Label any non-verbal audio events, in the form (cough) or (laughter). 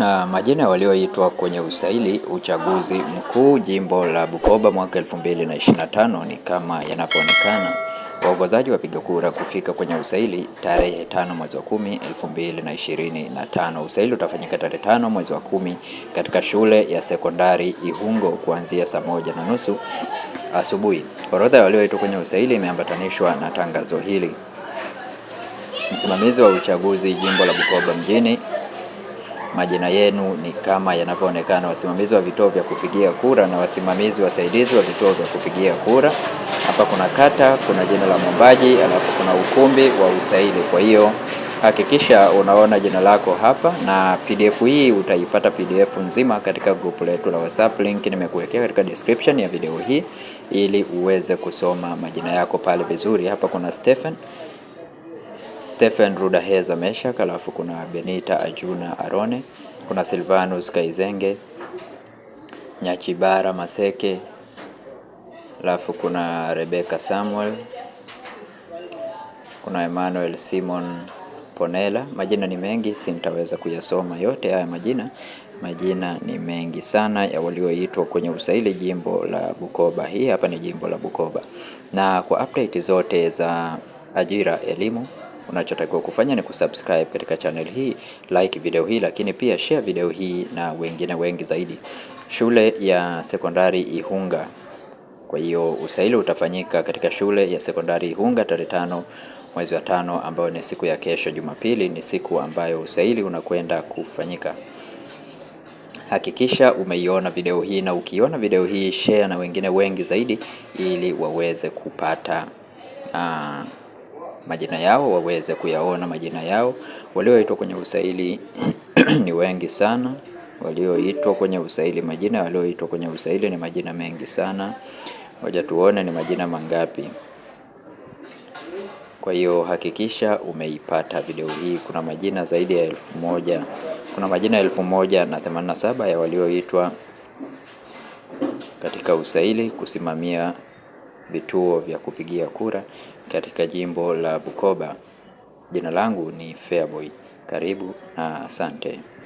Ah, majina walioitwa kwenye usaili uchaguzi mkuu jimbo la Bukoba mwaka 2025 ni kama yanavyoonekana. Waongozaji wapiga kura kufika kwenye usaili tarehe tano mwezi wa kumi 2025. Usaili utafanyika tarehe tano mwezi wa kumi katika shule ya sekondari Ihungo kuanzia saa moja na nusu asubuhi. Orodha ya walioitwa kwenye usaili imeambatanishwa na tangazo hili. Msimamizi wa uchaguzi jimbo la Bukoba mjini majina yenu ni kama yanavyoonekana. Wasimamizi wa vituo vya kupigia kura na wasimamizi wasaidizi wa vituo vya kupigia kura. Hapa kuna kata, kuna jina la mwombaji, alafu kuna ukumbi wa usaili. Kwa hiyo hakikisha unaona jina lako hapa, na PDF hii utaipata PDF nzima katika grupu letu la WhatsApp. Link nimekuwekea katika description ya video hii ili uweze kusoma majina yako pale vizuri. Hapa kuna Stephen Stephen Rudaheza Meshak, alafu kuna Benita Ajuna Arone, kuna Silvanus Kaizenge Nyachibara Maseke, alafu kuna Rebecca Samuel, kuna Emmanuel Simon Ponela. Majina ni mengi, sintaweza kuyasoma yote haya majina. Majina ni mengi sana ya walioitwa kwenye usaili jimbo la Bukoba. Hii hapa ni jimbo la Bukoba, na kwa update zote za ajira, elimu Unachotakiwa kufanya ni kusubscribe katika channel hii, like video hii, lakini pia share video hii na wengine wengi zaidi. Shule ya sekondari Ihunga. Kwa hiyo usaili utafanyika katika shule ya sekondari Ihunga tarehe tano mwezi wa tano, ambayo ni siku ya kesho Jumapili, ni siku ambayo usaili unakwenda kufanyika. Hakikisha umeiona video hii na ukiona video hii share na wengine wengi zaidi, ili waweze kupata aa, ah, majina yao waweze kuyaona majina yao. Walioitwa kwenye usaili (clears throat) ni wengi sana, walioitwa kwenye usaili majina walioitwa kwenye usaili ni majina mengi sana. Ngoja tuone ni majina mangapi. Kwa hiyo hakikisha umeipata video hii. Kuna majina zaidi ya elfu moja kuna majina elfu moja na themanini na saba ya walioitwa katika usaili kusimamia vituo vya kupigia kura katika jimbo la Bukoba. Jina langu ni fairboy Karibu na asante.